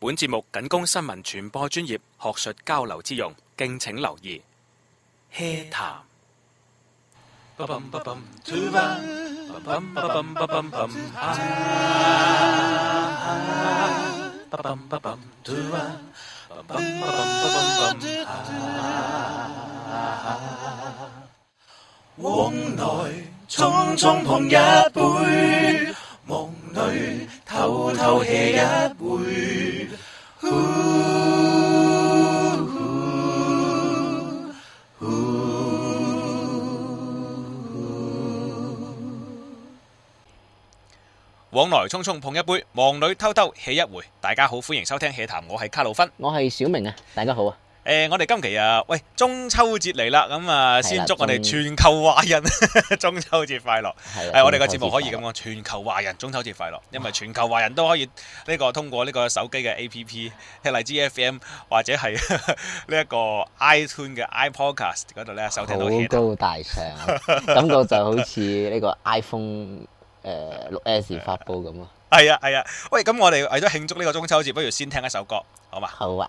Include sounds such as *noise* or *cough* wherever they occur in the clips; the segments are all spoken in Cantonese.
本節目僅供新聞傳播專業學術交流之用，敬請留意。Hey time。往來匆匆碰一杯。夢裏偷偷喝一回，往來匆匆碰一杯，夢裏偷偷喝一回。大家好，歡迎收聽《喜談》，我係卡魯芬，我係小明啊，大家好啊。誒、呃，我哋今期啊，喂，中秋節嚟啦。咁、嗯、啊，先祝我哋全球華人中， *laughs* 中秋節快樂。係、哎、我哋個節目可以咁講，全球華人中秋節快樂，因為全球華人都可以呢、這個通過呢個手機嘅 A P P，即係荔枝 F M 或者係呢一個 i Tune 嘅 i Podcast 嗰度咧，收聽到都好高大上， *laughs* 感覺就好似呢個 iPhone 誒、呃、六 S 發布咁啊。係啊，係啊，喂，咁我哋為咗慶祝呢個中秋節，不如先聽一首歌，好嘛？好啊。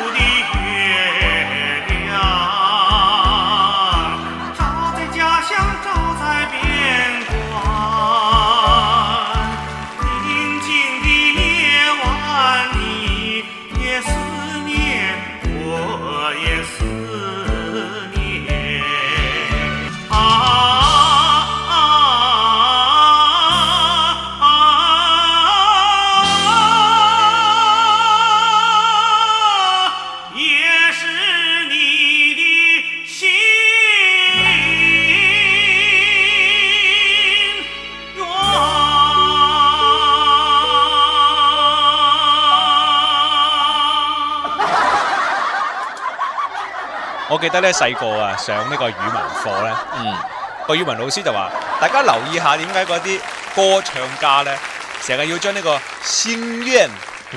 我記得咧細個啊上呢個語文課咧，個、嗯、語文老師就話：大家留意下點解嗰啲歌唱家咧成日要將呢個心願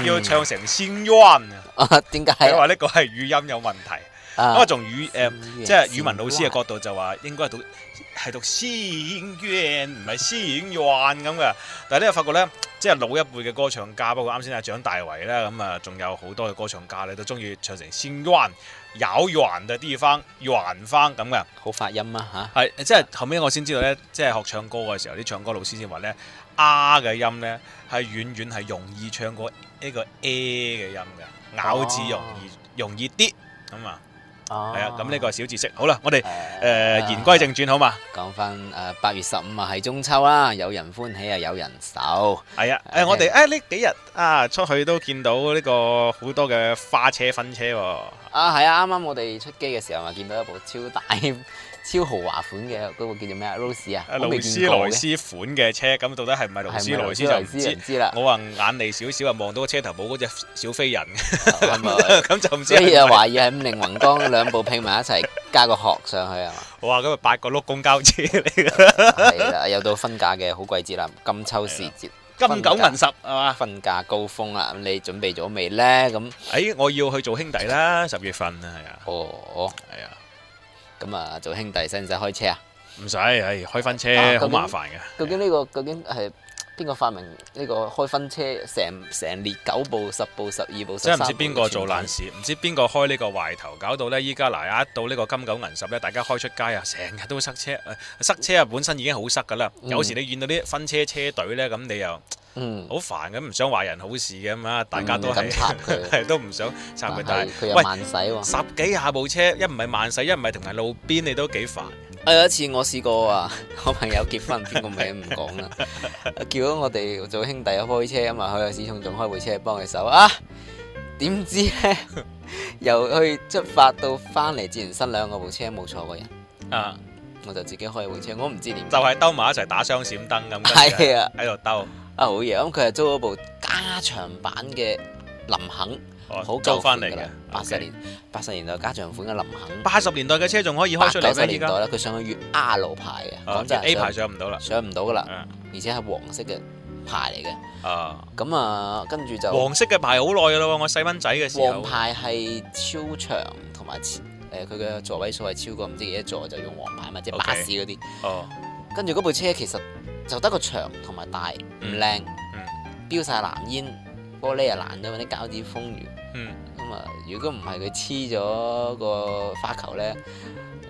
要唱成心願、嗯、啊？點解？佢話呢個係語音有問題。不過從、啊、語誒，即、呃、係、就是、語文老師嘅角度就話應該係讀。係讀先怨，唔係先怨咁嘅。但係咧發覺呢，即係老一輩嘅歌唱家，包括啱先阿蔣大為啦，咁啊，仲有好多嘅歌唱家咧，都中意唱成先元咬元嘅地方元翻咁嘅。好發音啊吓！係即係後尾我先知道呢，即係學唱歌嘅時候，啲唱歌老師先話呢，r 嘅音呢，係遠遠係容易唱過呢個 A 嘅音嘅咬字容易、哦、容易啲咁啊。係啊，咁呢、呢個小知識。好啦，我哋誒、呃、言歸正傳好嘛，講返誒八月十五啊係中秋啦，有人歡喜又有人愁。係、哎、啊，誒我哋誒呢幾日啊出去都見到呢個好多嘅花車婚車、哦。啊係啊，啱啱我哋出機嘅時候啊見到一部超大。 *laughs* 超豪華款嘅嗰個叫做咩啊？勞斯啊，勞斯萊斯款嘅車，咁到底係唔係勞斯萊斯就唔知啦。我話眼利少少啊，望到個車頭冇嗰隻小飛人，咁就唔知。所以就懷疑係五菱宏光兩部拼埋一齊加個殼上去啊嘛！哇，咁啊八個轆公交車嚟㗎！係啦，又到婚嫁嘅好季節啦，金秋時節，金九銀十係嘛？婚嫁高峰啊！咁你準備咗未咧？咁誒，我要去做兄弟啦，十月份啊，係啊。哦，係啊。咁啊，做兄弟使唔使開車啊？唔使，唉，開翻車好麻煩嘅。究竟呢個究竟係？邊個發明呢個開分車成成列九部十部十二部十三部，即係唔知邊個做爛事，唔知邊個開呢個壞頭，搞到呢。依家嗱一到呢個金九銀十呢，大家開出街啊，成日都塞車，塞車啊，本身已經好塞噶啦，嗯、有時你見到啲分車車隊呢，咁你又好煩咁，唔想壞人好事嘅咁啊，大家都係、嗯、 *laughs* 都唔想拆佢，但係、啊、喂，十幾下部車，一唔係慢駛，一唔係停喺路邊，你都幾煩。我有一次我試過啊，我朋友結婚，邊個名唔講啦， *laughs* 叫咗我哋做兄弟開車啊嘛，去又市從仲開部車幫佢手啊，點知咧 *laughs* 由去出發到翻嚟，自然新娘部車冇坐過人啊，我就自己開部車，我唔知點，就係兜埋一齊打雙閃燈咁，係啊，喺度兜，啊好嘢！咁佢係租咗部加長版嘅林肯。好舊翻嚟嘅，八十年八十年代加長款嘅林肯，八十年代嘅車仲可以開出九十年代啦，佢上嘅粵 R 路牌嘅，講真 A 牌上唔到啦，上唔到噶啦，而且係黃色嘅牌嚟嘅，咁啊，跟住就黃色嘅牌好耐噶啦，我細蚊仔嘅時候，黃牌係超長同埋誒，佢嘅座位數係超過唔知幾多座，就用黃牌或者巴士嗰啲。跟住嗰部車其實就得個長同埋大，唔靚，飆晒藍煙，玻璃又爛咗，啲膠紙封住。嗯，咁啊，如果唔係佢黐咗個花球咧，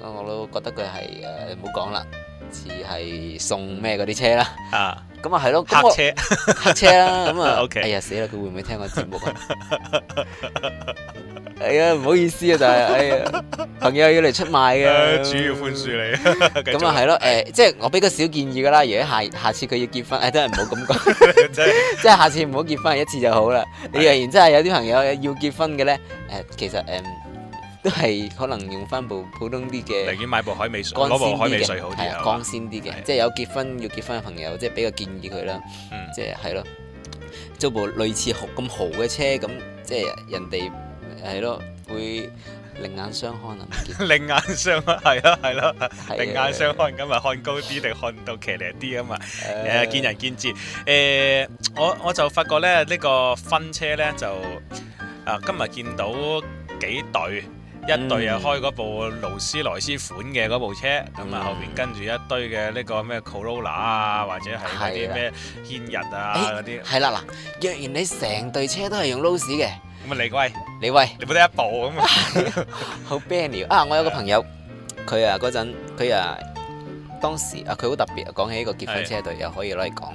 咁我都覺得佢係誒，唔好講啦，似係送咩嗰啲車啦，啊，咁啊係咯，黑車，黑車啦，咁啊，OK，哎呀死啦，佢會唔會聽我節目啊？ *laughs* 係啊，唔、哎、好意思啊，就係，哎呀， *laughs* 朋友要嚟出賣嘅，主要寬恕你咁啊，係咯，誒、嗯，即係、呃就是、我俾個小建議噶啦。如果下下次佢要結婚，誒、哎，都係唔好咁講，即係、 *laughs* 嗯、 *laughs* 下次唔好結婚一次就好啦。對你若然真係有啲朋友要結婚嘅咧，誒、呃，其實誒、呃，都係可能用翻部普通啲嘅，寧願買部海美，攞部海美水好啲，光鮮啲嘅，即係對有結婚要結婚嘅朋友，即係俾個建議佢啦，即係係咯，租部類似豪咁豪嘅車，咁即係人哋。係咯， *laughs* 會另眼相看啊！另眼相看，係、啊、咯，係、啊、咯，另 *laughs* 眼相看。咁啊看高啲，睇看到騎靚啲啊嘛！誒，見仁見智。誒、欸，我我就發覺咧，呢、這個婚車咧就啊，今日見到幾隊，一隊又開嗰部勞斯萊斯款嘅嗰部車，咁啊、嗯、後邊跟住一堆嘅呢個咩 Corolla、嗯嗯嗯、啊，或者係嗰啲咩軒逸啊嗰啲。係啦嗱，若然你成隊車都係用勞斯嘅。咁啊，李威，李威喂，你冇得一部咁啊， *laughs* *laughs* 好 ban 嘅啊！我有個朋友，佢啊嗰陣，佢啊當時啊，佢好特別，講起一個結婚車隊又的可以攞嚟講，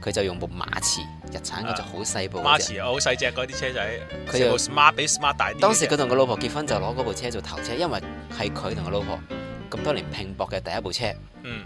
佢就用部馬馳，日產嘅就好細部。馬馳啊，好細隻嗰啲車仔。佢又 smart 比 smart 大啲。當時佢同個老婆結婚、嗯、就攞嗰部車做頭車，因為係佢同個老婆咁多年拼搏嘅第一部車。嗯，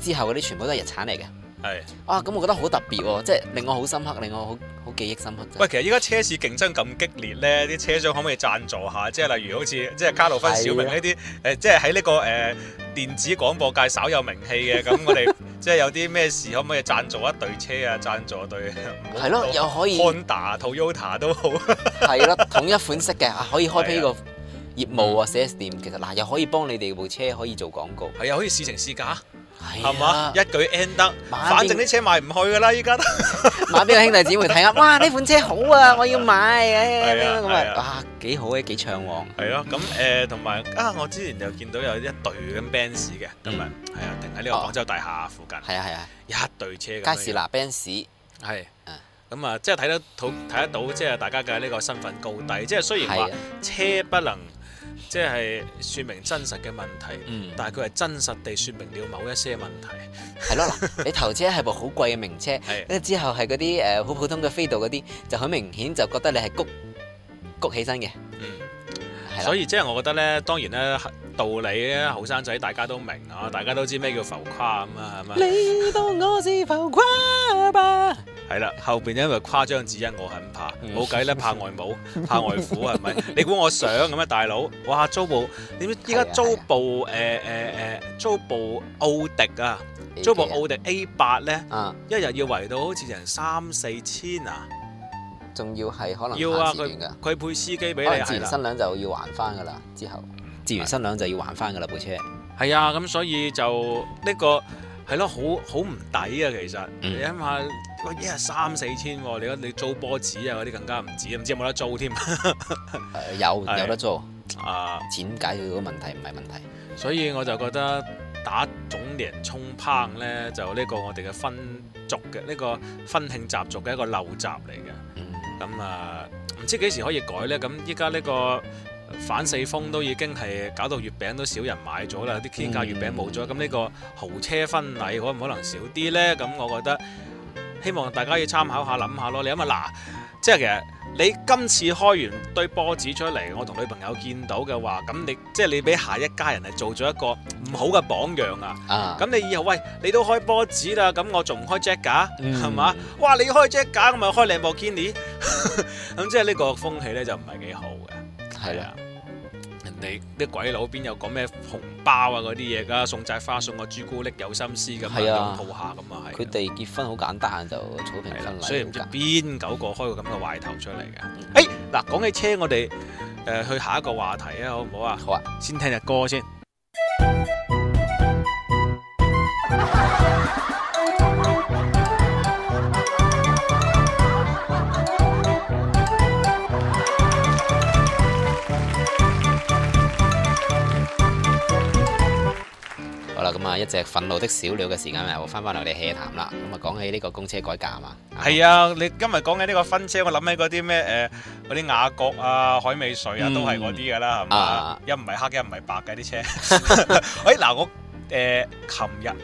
之後嗰啲全部都係日產嚟嘅。係是啊，咁我覺得好特別喎，哦，即係令我好深刻，令我好好記憶深刻。喂，其實依家車市競爭咁激烈咧，啲車商可唔可以贊助下？即係例如好似即係卡路芬、小明呢啲誒，啊，即係喺呢個誒、呃、電子廣播界稍有名氣嘅咁， *laughs* 我哋即係有啲咩事可唔可以贊助一對車啊？贊助對，係咯， *laughs* 啊，又可以。Honda、Toyota 都好。係咯，同一款式嘅啊，可以開批個業務啊四 S 店其實嗱，又可以幫你哋部車可以做廣告。係啊，可以試乘試駕。係嘛，一舉 end 得，反正啲車賣唔去噶啦，依家都買俾個兄弟姊妹睇下，哇，呢款車好啊，我要買，啊，幾好嘅，幾暢喎。係咯，咁誒，同埋啊，我之前就見到有一隊咁 Benz 嘅，咁啊係啊，停喺呢個廣州大廈附近。係啊係啊，一隊車。佳士拿 Benz 係，咁啊，即係睇得到睇睇得到，即係大家嘅呢個身份高低。即係雖然話車不能。即係說明真實嘅問題，嗯、但係佢係真實地說明了某一些問題。係咯，嗱，你頭車係部好貴嘅名車，跟 *noise* 住樂 *music* *music* 之後係嗰啲誒好普通嘅飛度嗰啲，就好明顯就覺得你係谷谷起身嘅。所以即係我覺得咧，當然咧道理咧，後生仔大家都明啊，大家都知咩叫浮誇咁啊，係嘛？你當我是浮誇吧？係啦， *laughs* 後邊因為誇張，只因我很怕，冇計啦，怕外母，怕外父係咪？ *laughs* 你估我想咁啊，大佬？哇，租部點？依家租部誒誒誒，租部奧迪啊，啊租部奧迪 A 八咧，uh, 一日要圍到好似成三四千啊！仲要係可能要然、啊、佢配司機俾你啊！自然新娘就要還翻噶啦，之後自完、嗯、新娘就要還翻噶啦，的部車係啊，咁所以就呢、呢個係咯，好好唔抵啊，其實你諗下，喂一日三四千，你而、哎哦、你，你租波子啊嗰啲更加唔止，唔知有冇得租添？有有得租啊，錢解決個問題唔係問題，所以我就覺得。打腫臉充胖呢，就呢個我哋嘅婚俗嘅呢個婚慶習俗嘅一個陋習嚟嘅。咁、嗯、啊，唔、嗯嗯、知幾時可以改呢？咁依家呢個反四風都已經係搞到月餅都少人買咗啦，啲天價月餅冇咗。咁呢個豪車婚禮可唔可能少啲呢？咁我覺得希望大家要參考下諗下咯。你諗下嗱。即係其實你今次開完堆波子出嚟，我同女朋友見到嘅話，咁你即係你俾下一家人係做咗一個唔好嘅榜樣啊！咁你以後喂你都開波子啦，咁我仲唔開 Jack 噶係嘛？哇你開 Jack，咁咪開林寶堅尼？咁即係呢個風氣咧就唔係幾好嘅，係啊。你啲鬼佬邊有講咩紅包啊，嗰啲嘢噶，送扎花，送個朱古力，有心思咁啊，咁鋪下咁啊係，佢哋結婚好簡單，就草坪婚禮，所以唔知邊九個開個咁嘅壞頭出嚟嘅。誒嗱的，講、欸、起車我哋誒、呃、去下一個話題啊，好唔好啊、嗯？好啊，先聽日歌先。嗯咁啊，嗯、一隻憤怒的小鳥嘅時間，我翻翻嚟，我哋 hea 談啦。咁啊，講起呢個公車改革啊嘛，係啊，你今日講起呢個分車，我諗起嗰啲咩誒，嗰、呃、啲雅閣啊、凱美瑞啊，都係嗰啲噶啦，係嘛，一唔係黑，一唔係白嘅啲車。喂、 *laughs* *laughs* *laughs* 哎，嗱，我誒，琴、呃、日、啊、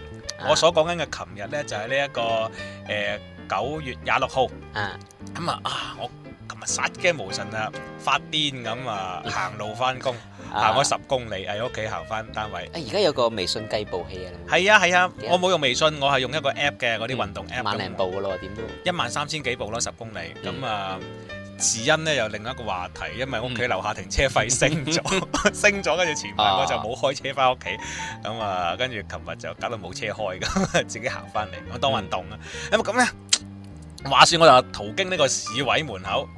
我所講緊嘅琴日咧，就係呢一個誒九、呃、月廿六號。啊，咁啊啊我。咪殺驚無神啦、啊，發癲咁啊！行路翻工，行咗十公里，喺屋企行翻單位。啊！而家有個微信計步器啊，係啊，係啊乎。係啊係啊，我冇用微信，我係用一個 app 嘅嗰啲運動 app。萬零步噶咯，點都一萬三千幾步咯，十公里。咁啊，時、嗯、因呢又另一個話題，因為屋企樓下停車費升咗， *laughs* 升咗跟住前排我就冇開車翻屋企。咁啊，跟住琴日就搞到冇車開噶，自己行翻嚟，我當運動啊。咁啊咁咧，話説我就途經呢個市委門口。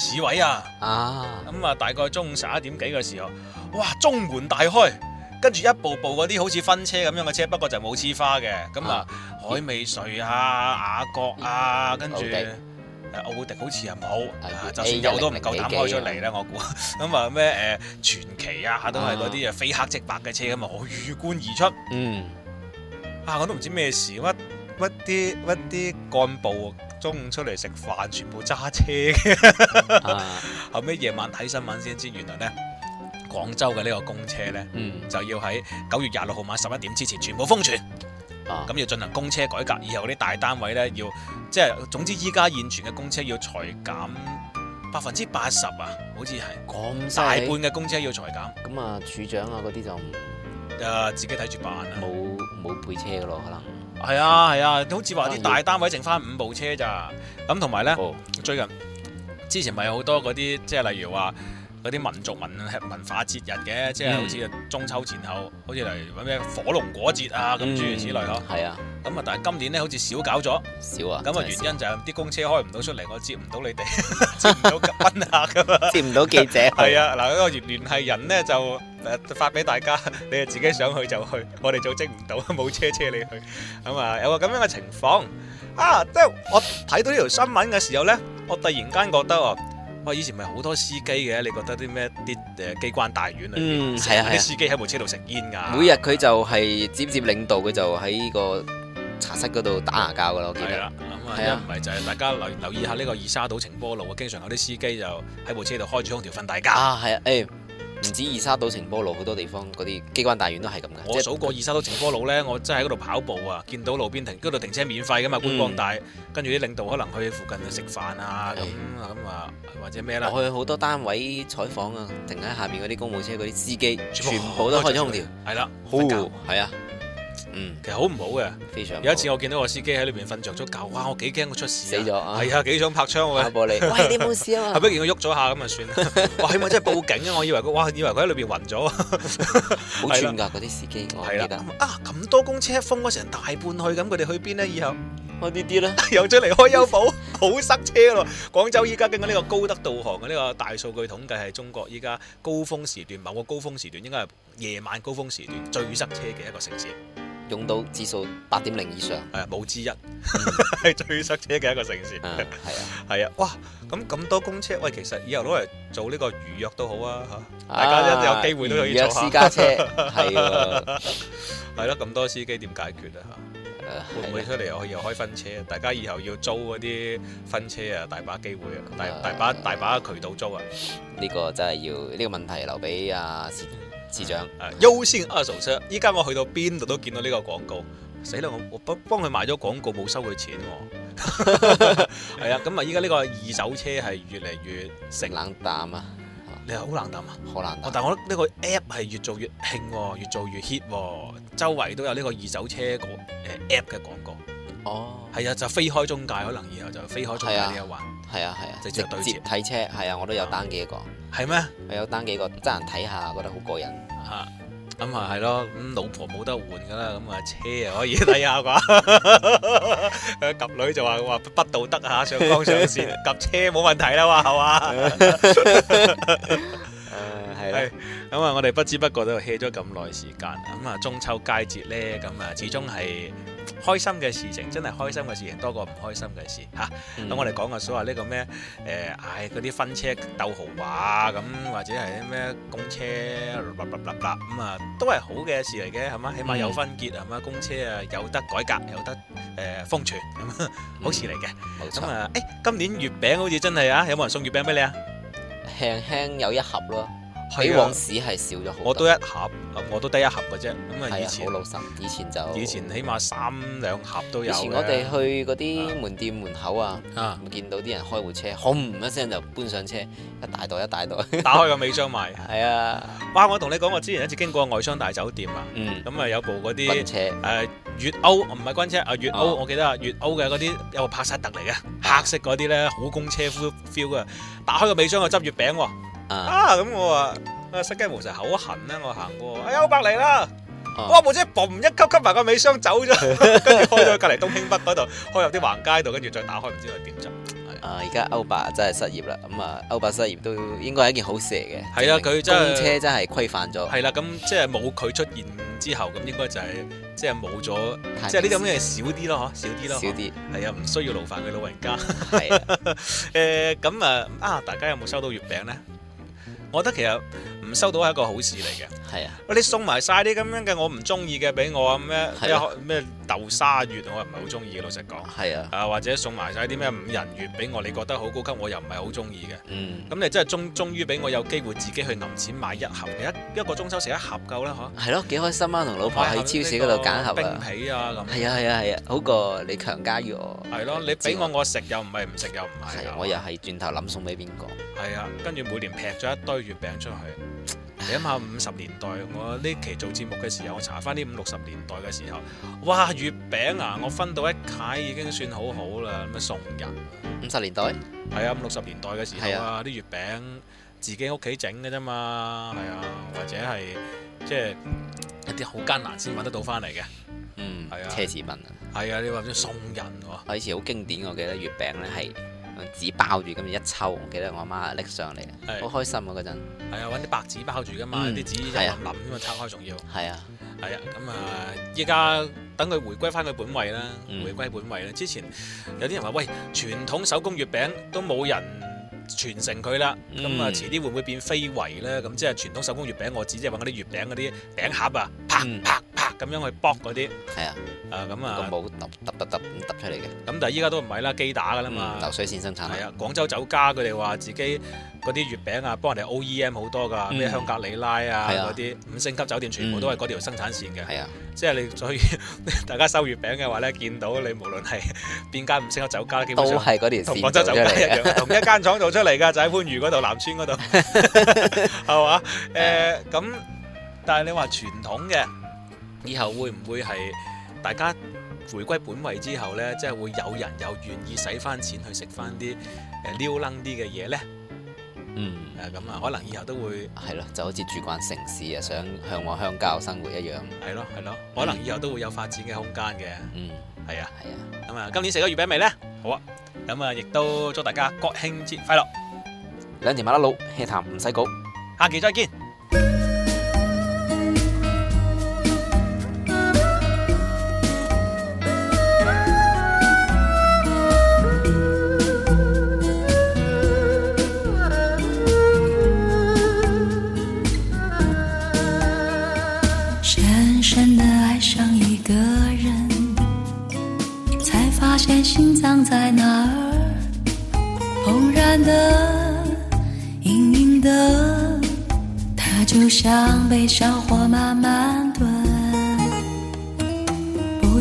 市委啊！啊，咁啊、嗯，大概中午十一點幾嘅時候，哇，中門大開，跟住一部部嗰啲好似婚車咁樣嘅車，不過就冇黐花嘅。咁、嗯、啊，海美瑞啊、雅閣啊，跟住誒奧迪好似又冇，就算有都唔夠膽開出嚟啦。啊、我估。咁啊咩誒傳奇啊，都係嗰啲啊非黑即白嘅車咁、嗯、啊，我、啊、魚貫而出。嗯。啊！我都唔知咩事，屈屈啲屈啲幹部。中午出嚟食飯，全部揸車、 *laughs* 啊。後尾夜晚睇新聞先知，原來呢廣州嘅呢個公車呢，嗯、就要喺九月廿六號晚十一點之前全部封存。咁、啊、要進行公車改革，以後啲大單位呢，要，即係總之依家現存嘅公車要裁減百分之八十啊，好似係，廣西大半嘅公車要裁減。咁啊，處長啊嗰啲就、啊，自己睇住辦啊，冇冇配車噶咯可能。係啊，係啊，好似話啲大單位剩翻五部車咋，咁同埋呢，oh。最近之前咪有好多嗰啲，即係例如話。嗰啲民族文文化節日嘅，即係好似中秋前後，好似嚟揾咩火龍果節啊咁諸如此類呵。係、嗯、啊，咁啊，但係今年咧好似少搞咗，少啊。咁啊，原因就係啲公車開唔到出嚟，我接唔到你哋， *laughs* 接唔到賓客噶嘛， *laughs* 接唔到記者。係 *laughs* 啊，嗱，嗰個聯繫人咧就誒發俾大家，你哋自己想去就去，我哋組織唔到，冇 *laughs* 車車你去。咁啊，有個咁樣嘅情況啊，即係我睇到呢條新聞嘅時候咧，我突然間覺得啊。以前咪好多司機嘅，你覺得啲咩啲誒機關大院啊，邊啲、嗯、司機喺部車度食煙噶？嗯、每日佢就係、是嗯、接唔接領導，佢就喺個茶室嗰度打牙膠噶啦，嗯、我記得。係啊了，一唔係就係大家留留意下呢個二沙島晴波路啊，經常有啲司機就喺部車度開住空調瞓大覺啊。係啊，誒、欸。唔止二沙島晴波路好多地方嗰啲機關大院都係咁嘅。我數過二沙島晴波路呢，我真係喺嗰度跑步啊，見到路邊停，嗰度停車免費㗎嘛，觀光帶。跟住啲領導可能去附近去食飯啊咁，咁啊或者咩啦？我去好多單位採訪啊，停喺下邊嗰啲公務車嗰啲司機，全部都開咗空調，係啦，好，係啊。嗯，其實好唔好嘅，非常。有一次我見到個司機喺裏邊瞓着咗覺，哇！我幾驚佢出事死咗啊，係啊，幾想拍窗啊，打玻璃。喂，你冇事啊嘛？後屘見佢喐咗下咁啊，算啦。哇，起碼真係報警啊！我以為佢哇，以為佢喺裏邊暈咗啊，冇轉噶嗰啲司機。係啦，啊咁多公車封咗成大半去，咁佢哋去邊呢？以後開呢啲啦，又再嚟開優步，好塞車咯。廣州依家經過呢個高德導航嘅呢個大數據統計，係中國依家高峰時段某個高峰時段，應該係夜晚高峰時段最塞車嘅一個城市。用到指數八點零以上，係冇之一，係、嗯、 *laughs* 最塞車嘅一個城市，係啊，係啊，哇！咁咁多公車，喂，其實以後攞嚟做呢個預約都好啊，嚇、啊，大家一有機會都可以做下預約私家車，係啊 *laughs* 的，係咯，咁多司機點解決啊？嚇、啊，會唔會出嚟又又開分車？啊、大家以後要租嗰啲分車啊，大把機會把啊，大大把大把渠道租啊，呢個真係要呢、這個問題留俾阿啊市長，誒，優先二手車，依家我去到邊度都見到呢個廣告，死啦！我我幫幫佢買咗廣告，冇收佢錢、哦。係 *laughs* *laughs* 啊，咁啊，依家呢個二手車係越嚟越食冷淡啊，你係好冷淡啊？好冷淡。哦、但係我呢個 app 係越做越興、哦，越做越 hit，、哦、周圍都有呢個二手車個誒 app 嘅廣告。哦。係啊，就飛開中介，可能以後就飛開中介呢一環。係啊係啊，啊啊啊接對直接睇車。係啊，我都有單嘅一個。嗯係咩？我有單幾個得閒睇下，覺得好過癮。吓、啊，咁啊係咯，咁、就是嗯、老婆冇得換噶啦，咁、嗯、啊車又可以睇下啩？夾 *laughs* *laughs* 女就話話不道德啊，上綱上線，夾 *laughs* 車冇問題啦，哇係嘛？係咁啊！是嗯、我哋不知不覺都 hea 咗咁耐時間，咁、嗯、啊中秋佳節呢，咁、嗯、啊始終係開心嘅事情，真係開心嘅事情多過唔開心嘅事嚇。咁、啊、我哋講嘅所謂呢個咩誒？唉、哎，嗰啲婚車鬥豪華咁、嗯，或者係咩公車，咁啊、嗯、都係好嘅事嚟嘅，係嘛？起碼有分結，係嘛？公車啊有得改革，有得誒封、呃、存，嗯嗯、好事嚟嘅。咁啊沒錯、嗯嗯欸，今年月餅好似真係啊，有冇人送月餅俾你啊？輕輕有一盒咯。喺往時係少咗好多，我都一盒，我都得一盒嘅啫。咁啊，以前好、啊、老實，以前就以前起碼三兩盒都有。以前我哋去嗰啲門店門口啊，啊見到啲人開貨車，轟一聲就搬上車，一大袋一大袋。打開個尾箱賣。係 *laughs* 啊，哇！我同你講，我之前一次經過外商大酒店啊，咁啊有部嗰啲車，誒粵 O，唔係軍車，阿粵 O，我記得歐特特啊，粵 O 嘅嗰啲有個帕薩特嚟嘅，黑色嗰啲咧好公車 feel feel 啊！打開個尾箱就執月餅喎。啊咁我啊，啊失驚無神口痕啦！我行過，阿、哎、歐伯嚟啦，啊、哇部車嘣一級級埋個尾箱走咗，跟 *laughs* 住開咗去隔籬東興北嗰度，開入啲橫街度，跟住再打開，唔知佢點做。啊而家歐伯真係失業啦，咁啊歐伯失業都應該係一件好事嚟嘅。係啊，佢真公車真係規範咗。係啦、啊，咁、啊嗯、即係冇佢出現之後，咁應該就係即係冇咗，即係呢種嘢少啲咯，少啲咯，少啲。係 *laughs* 啊，唔需要勞煩佢老人家。係 *laughs* 誒、啊，咁 *laughs* 啊啊，大家有冇收到月餅咧？我覺得其實唔收到係一個好事嚟嘅。係啊，喂，你送埋曬啲咁樣嘅我唔鍾意嘅畀我啊咩。豆沙月我又唔係好中意嘅，老實講。係啊，啊或者送埋晒啲咩五仁月俾我，你覺得好高級，我又唔係好中意嘅。嗯，咁你真係終終於俾我有機會自己去揞錢買一盒你一一個中秋食一盒夠啦，嗬、啊。係咯，幾開心媽媽哇啊！同老婆喺超市嗰度揀盒。冰皮啊，咁。係啊係啊係啊，好過你強加於我。係咯、啊，你俾我我食又唔係唔食又唔係、啊。我又係轉頭諗送俾邊個。係啊，跟住每年劈咗一堆月餅出去。你諗下五十年代，我呢期做節目嘅時候，我查翻啲五六十年代嘅時候，哇，月餅啊，我分到一楷已經算好好啦，咁樣送人，啊。五十年代？係啊，五六十年代嘅時候啊，啲、啊、月餅自己屋企整嘅啫嘛，係啊，或者係即係一啲好艱難先揾得到翻嚟嘅。嗯，係啊，奢侈品啊。係啊，你話咁送人喎，啊。以前好經典，我記得月餅咧係。紙包住咁樣一抽，我記得我阿媽拎上嚟，好是開心啊嗰陣。係啊，揾啲白紙包住㗎嘛，啲紙就冧啊，啊因為拆開仲要。係啊，係啊，咁、嗯、啊，依家等佢回歸翻佢本位啦，回歸本位啦。之前有啲人話，喂，傳統手工月餅都冇人。傳承佢啦，咁啊遲啲會唔會變非遺咧？咁即係傳統手工月餅，我指即係揾嗰啲月餅嗰啲餅盒啊，啪啪啪咁樣去剝嗰啲，係啊，啊咁啊個模揼揼揼揼咁揼出嚟嘅。咁但係依家都唔係啦，機打噶啦嘛、嗯，流水線生產係啊。嗯、廣州酒家佢哋話自己嗰啲月餅啊，幫人哋 OEM 好多㗎，咩、嗯、香格里拉啊嗰啲、啊、五星級酒店全部都係嗰條生產線嘅，係啊。嗯嗯嗯嗯嗯嗯嗯嗯即係你，所以大家收月餅嘅話呢，見到你無論係邊間五星級酒家，基本上都係嗰啲同廣州酒家一樣， *laughs* 同一間廠做出嚟㗎，就喺番禺嗰度南村嗰度，係嘛？誒，咁但係你話傳統嘅，以後會唔會係大家回歸本位之後呢？即係會有人又願意使翻錢去食翻啲誒撩楞啲嘅嘢呢？嗯，咁啊，可能以後都會係咯，就好似住慣城市啊，想向我鄉郊生活一樣。係咯，係咯，可能以後都會有發展嘅空間嘅。嗯，係啊，係啊。咁啊，今年食咗月餅未呢？好啊，咁啊，亦都祝大家國慶節快樂。兩條馬拉佬，氣壇唔使焗。下期再見。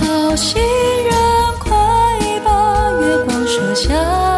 好心人，快把月光射下。